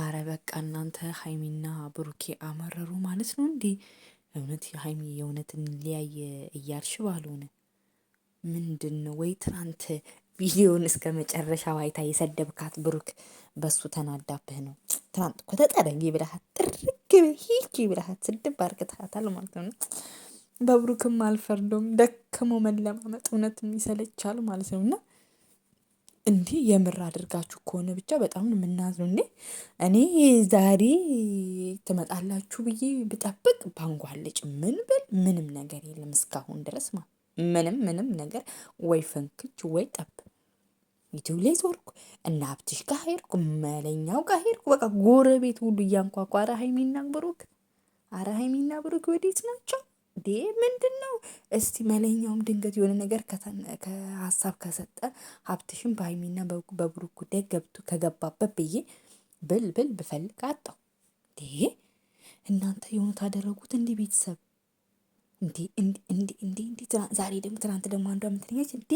አረ በቃ እናንተ ሀይሚና ብሩኬ አመረሩ ማለት ነው እንዴ? እውነት ሀይሚ የእውነት እንለያየ እያልሽ ባልሆነ ምንድን ነው ወይ? ትናንት ቪዲዮን እስከ መጨረሻ ዋይታ የሰደብካት ብሩክ በሱ ተናዳብህ ነው። ትናንት እኮ ተጠረጊ ብልሃት ጥርግ ሂኪ ብልሃት ስድብ አርግተሃታል ማለት ነው። በብሩክም አልፈርዶም ደክሞ መለማመጥ እውነት ይሰለቻል ማለት ነው እና እንዲህ የምር አድርጋችሁ ከሆነ ብቻ በጣም ነው የምናዝነው። እንዴ እኔ ዛሬ ትመጣላችሁ ብዬ ብጠብቅ ባንጓለጭ ምን ብል ምንም ነገር የለም እስካሁን ድረስ ማለት ምንም ምንም ነገር ወይ ፍንክች ወይ ጠብ ኢትዮ ላይ ዞርኩ እና ሀብትሽ ጋር ሄድኩ መለኛው ጋር ሄድኩ። በቃ ጎረቤት ሁሉ እያንኳኳ ኧረ ሀይሚና ብሩክ፣ ኧረ ሀይሚና ብሩክ ወዴት ናቸው? እንዴ ምንድን ነው? እስቲ መለኛውም ድንገት የሆነ ነገር ከሀሳብ ከሰጠ ሀብትሽም በሀይሚና በብሩክ ጉዳይ ገብቶ ከገባበት ብዬ ብል ብል ብፈልግ አጣው። እንዴ እናንተ የሆኑ ታደረጉት እንዲ ቤተሰብ ዛሬ ደግሞ ትናንት ደግሞ አንዷ ምትለኛች እንዴ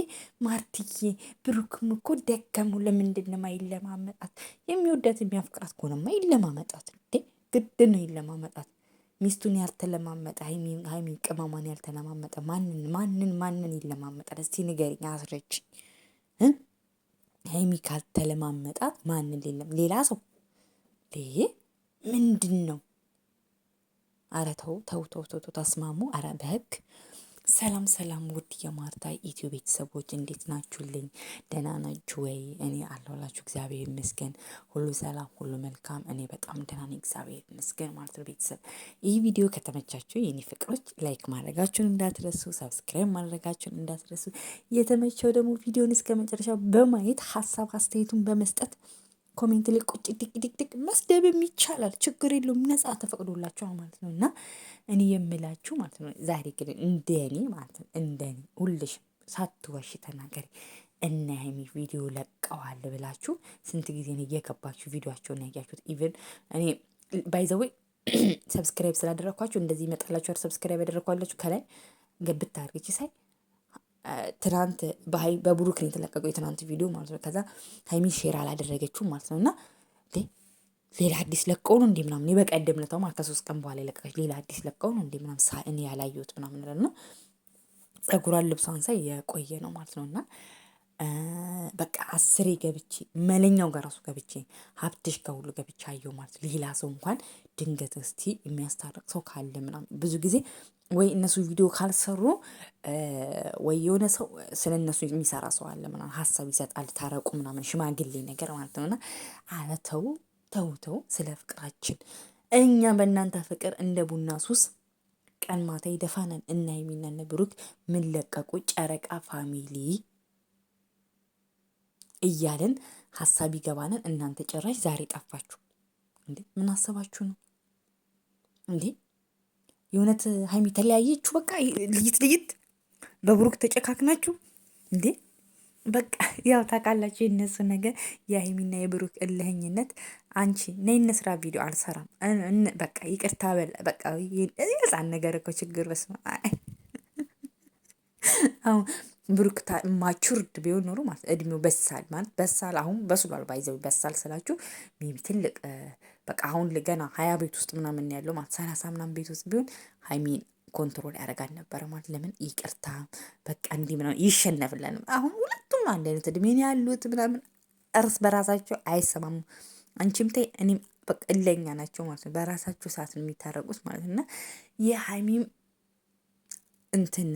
ማርትዬ ብሩክም እኮ ደከሙ። ለምንድን ነው ማይለማመጣት? የሚወዳት የሚያፍቅራት ከሆነማ ይለማመጣት። እንዴ ግድ ነው ይለማመጣት። ሚስቱን ያልተለማመጠ ሀይሚን ቅመሟን ያልተለማመጠ ማንን ማንን ማንን ይለማመጣል? እስቲ ንገሪኝ፣ አስረጅኝ። ሀይሚ ካልተለማመጣት ማንን ሌለም? ሌላ ሰው ይሄ ምንድን ነው? አረ ተው ተው ተው ተው፣ ተስማሙ። አረ በህግ ሰላም ሰላም ውድ የማርታ ኢትዮ ቤተሰቦች እንዴት ናችሁልኝ? ደህና ናችሁ ወይ? እኔ አለሁላችሁ እግዚአብሔር ይመስገን፣ ሁሉ ሰላም፣ ሁሉ መልካም። እኔ በጣም ደህና ነኝ እግዚአብሔር ይመስገን ማለት ነው። ቤተሰብ ይህ ቪዲዮ ከተመቻችሁ የኔ ፍቅሮች ላይክ ማድረጋችሁን እንዳትረሱ፣ ሰብስክራይብ ማድረጋችሁን እንዳትረሱ። የተመቸው ደግሞ ቪዲዮን እስከ መጨረሻው በማየት ሀሳብ አስተያየቱን በመስጠት ኮሜንት ላይ ቁጭ ዲቅ ዲቅ ዲቅ መስደብም ይቻላል፣ ችግር የለውም። ነጻ ተፈቅዶላቸዋል ማለት ነው። እና እኔ የምላችሁ ማለት ነው ዛሬ ግን እንደኔ ማለት ነው እንደኔ ሁልሽ ሳትዋሽ ተናገሪ እና ሀይሚ ቪዲዮ ለቀዋል ብላችሁ ስንት ጊዜ ነው እየገባችሁ ቪዲዮቸውን ያያችሁት? ኢቨን እኔ ባይዘዌ ሰብስክራይብ ስላደረግኳችሁ እንደዚህ ይመጣላችሁ። ሰብስክራይብ ያደረግኳላችሁ ከላይ ገብታ አድርግች ሳይ ትናንት በብሩክ ነው የተለቀቀው የትናንት ቪዲዮ ማለት ነው። ከዛ ሀይሚ ሼር አላደረገችው ማለት ነው እና ሌላ አዲስ ለቀው ነው እንዴ ምናምን በቀደም ለተው ማለት ከሶስት ቀን በኋላ የለቀቀች ሌላ አዲስ ለቀው ነው እንዴ ምናምን ሳ እኔ ያላየሁት ምናምን ለ ጸጉሯን ልብሷን ሳይ የቆየ ነው ማለት ነው እና በቃ አስሬ ገብቼ መለኛው ጋር ራሱ ገብቼ ሀብትሽ ከሁሉ ገብቼ አየሁ ማለት ሌላ ሰው እንኳን ድንገት እስቲ የሚያስታርቅ ሰው ካለ ምናምን ብዙ ጊዜ ወይ እነሱ ቪዲዮ ካልሰሩ ወይ የሆነ ሰው ስለ እነሱ የሚሰራ ሰው አለ ምናምን ሀሳብ ይሰጣል። ታረቁ ምናምን ሽማግሌ ነገር ማለት ነውና አለተው ተው ተው ስለ ፍቅራችን እኛ በእናንተ ፍቅር እንደ ቡና ሱስ ቀን ማታ ይደፋናል። እና የሚናነ ብሩክ ምን ለቀቁ ጨረቃ ፋሚሊ እያለን ሀሳብ ይገባናል። እናንተ ጭራሽ ዛሬ ጠፋችሁ እንዴ? ምን አሰባችሁ ነው እንዴ? የእውነት ሀይሚ ተለያየችሁ? በቃ ልይት ልይት በብሩክ ተጨካክናችሁ እንዴ? በቃ ያው ታውቃላችሁ የእነሱ ነገር የሀይሚና የብሩክ እልህኝነት። አንቺ ነይ እንስራ ቪዲዮ አልሰራም በቃ ይቅርታ በላ በቃ ህፃን ነገር እኮ ችግር በስማ አሁን ብሩክ ማቹርድ ቢሆን ኖሮ ማለት እድሜው በሳል ማለት በሳል አሁን በስሏል። ባይዘው በሳል ስላችሁ ሜቢ ትልቅ በቃ አሁን ገና ሀያ ቤት ውስጥ ምናምን ያለው ማለት ሰላሳ ምናምን ቤት ውስጥ ቢሆን ሀይሚን ኮንትሮል ያደርጋል ነበረ ማለት ለምን ይቅርታ በቃ እንዲህ ምናምን ይሸነፍለን። አሁን ሁለቱም አንድ አይነት እድሜን ያሉት ምናምን እርስ በራሳቸው አይሰማም። አንቺም ተይ እኔም እለኛ ናቸው ማለት ነው። በራሳቸው ሰዓት ነው የሚታረቁት ማለት እና የሀይሚም እንትን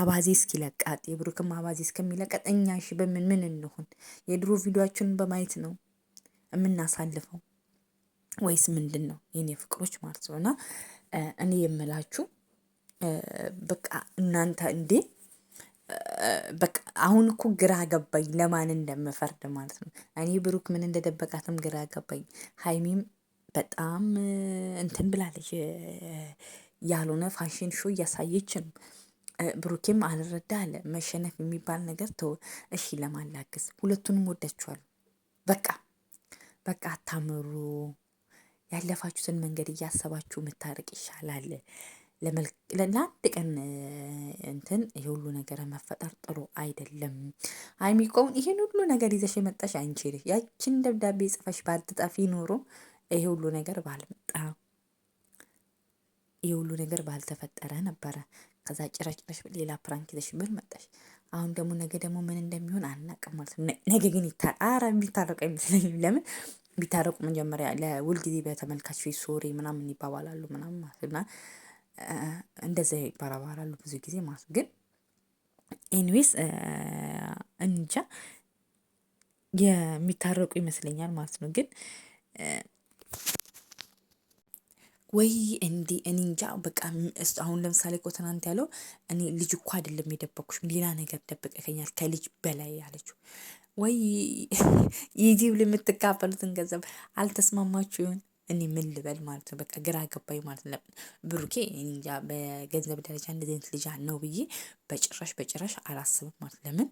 አባዜ እስኪለቃጥ የብሩክም አባዜ እስከሚለቃት እኛ እሺ በምን ምን እንሆን? የድሮ ቪዲዮችን በማየት ነው የምናሳልፈው ወይስ ምንድን ነው? የኔ ፍቅሮች ማለት ነው። እና እኔ የምላችሁ በቃ እናንተ እንዴ በቃ አሁን እኮ ግራ ገባኝ፣ ለማን እንደምፈርድ ማለት ነው። እኔ ብሩክ ምን እንደደበቃትም ግራ ገባኝ። ሀይሚም በጣም እንትን ብላለች፣ ያልሆነ ፋሽን ሾ እያሳየች ነው። ብሩኬም አልረዳ አለ። መሸነፍ የሚባል ነገር ተው እሺ፣ ለማላገዝ ሁለቱንም ወዳችኋለሁ በቃ በቃ አታምሩ ያለፋችሁትን መንገድ እያሰባችሁ የምታርቅ ይሻላል። ለአንድ ቀን እንትን የሁሉ ነገር መፈጠር ጥሩ አይደለም። ሀይሚ ይህን ሁሉ ነገር ይዘሽ የመጣሽ አንቺ ያችን ደብዳቤ ጽፈሽ ባልትጠፊ ኖሮ ይህ ሁሉ ነገር ባልመጣ፣ ይህ ሁሉ ነገር ባልተፈጠረ ነበረ። ከዛ ጭራጭራሽ ሌላ ፕራንክ ይዘሽ ብል መጣሽ። አሁን ደግሞ ነገ ደግሞ ምን እንደሚሆን አናውቅም ማለት ነው። ነገ ግን ኧረ የሚታረቁ አይመስለኝም። ለምን ቢታረቁ መጀመሪያ ለሁል ጊዜ በተመልካች ፊት ሶሪ ምናምን ይባባላሉ ምናምን ማለት እና እንደዛ ይባባላሉ ብዙ ጊዜ ማለት ግን ኤኒዌይስ እንጃ የሚታረቁ ይመስለኛል ማለት ነው ግን ወይ እንዲ እኔ እንጃ በቃ አሁን ለምሳሌ እኮ ትናንት ያለው እኔ ልጅ እኮ አይደለም የደበኩሽ ሌላ ነገር ደብቀኛል ከልጅ በላይ ያለችው ወይ የጂብል የምትካፈሉትን ገንዘብ አልተስማማችሁን እኔ ምን ልበል ማለት ነው። በቃ ግራ ገባኝ ማለት ነው። ብሩኬ እንጃ በገንዘብ ደረጃ እንደዚህ አይነት ልጅ ነው ብዬ በጭራሽ በጭራሽ አላስብም ማለት ለምን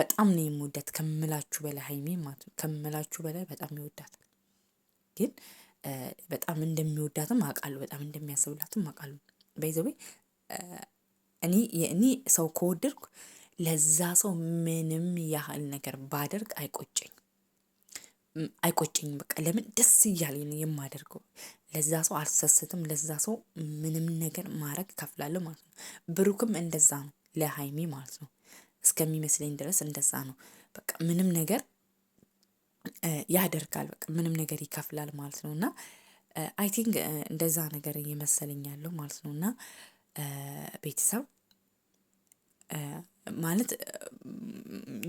በጣም ነው የምወዳት ከምላችሁ በላይ ሀይሜ ማለት ነው። ከምላችሁ በላይ በጣም ይወዳት ግን በጣም እንደሚወዳትም አውቃለሁ። በጣም እንደሚያስብላትም አውቃለሁ። በይዘቤ እኔ የእኔ ሰው ከወደድኩ ለዛ ሰው ምንም ያህል ነገር ባደርግ አይቆጨኝም አይቆጨኝም። በቃ ለምን ደስ እያለኝ ነው የማደርገው። ለዛ ሰው አልሰስትም። ለዛ ሰው ምንም ነገር ማድረግ ከፍላለሁ ማለት ነው። ብሩክም እንደዛ ነው ለሀይሚ ማለት ነው። እስከሚመስለኝ ድረስ እንደዛ ነው። በቃ ምንም ነገር ያደርጋል። በቃ ምንም ነገር ይከፍላል ማለት ነው እና አይ ቲንክ እንደዛ ነገር እየመሰለኝ ያለው ማለት ነው እና ቤተሰብ ማለት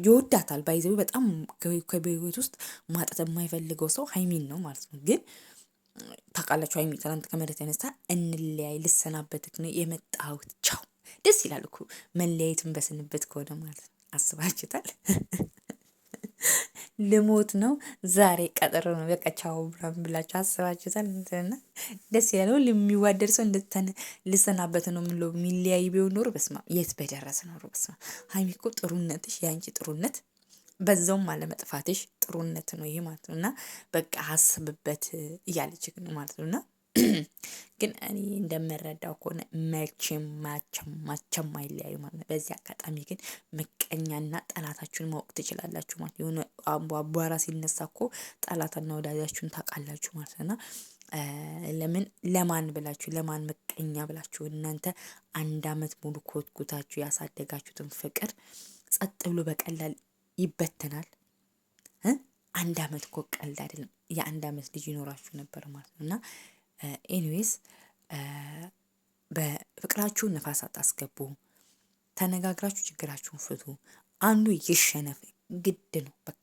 ይወዳታል። ባይዘዊ በጣም ከቤት ውስጥ ማጣት የማይፈልገው ሰው ሀይሚን ነው ማለት ነው። ግን ታውቃላችሁ ሀይሚ ትናንት ከመሬት ያነሳ እንለያይ፣ ልሰናበትክ ነው የመጣሁት፣ ቻው። ደስ ይላል እኮ መለያየትን በስንበት ከሆነ ማለት ነው። አስባችታል። ልሞት ነው ዛሬ ቀጠሮ ነው በቃ ቻው ብራም ብላችሁ አስባችሁታል። እንትና ደስ ያለው የሚዋደድ ሰው እንደተነ ልሰናበት ነው ምን የሚለያይ ቢሆን ኖሮ በስማ የት በደረሰ ኖሮ በስማ። ሀይሚ እኮ ጥሩነትሽ የአንቺ ጥሩነት በዛውም አለመጥፋትሽ ጥሩነት ነው ይሄ ማለት ነው። እና በቃ አስብበት እያለች ነው ማለት ነው እና ግን እኔ እንደምረዳው ከሆነ መቼም ማቸም ማቸም አይለያዩ ማለት ነው። በዚህ አጋጣሚ ግን ምቀኛና ጠላታችሁን ማወቅ ትችላላችሁ ማለት ነው። የሆነ አቧራ ሲነሳ እኮ ጠላትና ወዳጃችሁን ታውቃላችሁ ማለት ነው። ለምን ለማን ብላችሁ ለማን ምቀኛ ብላችሁ እናንተ አንድ አመት ሙሉ ኮትኩታችሁ ያሳደጋችሁትን ፍቅር ጸጥ ብሎ በቀላል ይበተናል። አንድ አመት እኮ ቀልድ አይደለም። የአንድ አመት ልጅ ይኖራችሁ ነበር ማለት ነው እና ኤኒዌይስ eh, eh, በፍቅራችሁ ነፋሳት አስገቡ ተነጋግራችሁ ችግራችሁን ፍቱ። አንዱ ይሸነፍ ግድ ነው። በቃ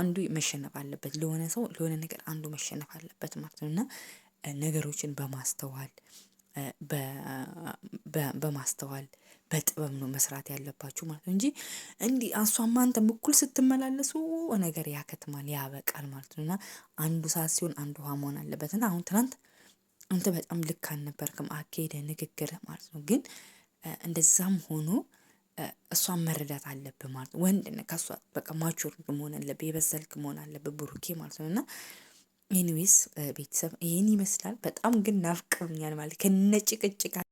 አንዱ መሸነፍ አለበት። ለሆነ ሰው ለሆነ ነገር አንዱ መሸነፍ አለበት ማለት ነው እና ነገሮችን በማስተዋል በማስተዋል በጥበብ ነው መስራት ያለባችሁ ማለት ነው እንጂ እንዲህ እሷም አንተም እኩል ስትመላለሱ ነገር ያከትማል፣ ያበቃል ማለት ነው እና አንዱ ሰዓት ሲሆን አንዱ ውሃ መሆን አለበት እና አሁን ትናንት አንተ በጣም ልክ አልነበርክም አካሄደ ንግግር ማለት ነው። ግን እንደዛም ሆኖ እሷን መረዳት አለብህ ማለት ነው። ወንድ ነህ ከእሷ በቃ ማቹር መሆን አለብህ፣ የበሰልክ መሆን አለብህ ብሩኬ ማለት ነው እና ኤኒዌይስ ቤተሰብ ይህን ይመስላል። በጣም ግን ናፍቀውኛል ማለት ከነጭቅጭቃ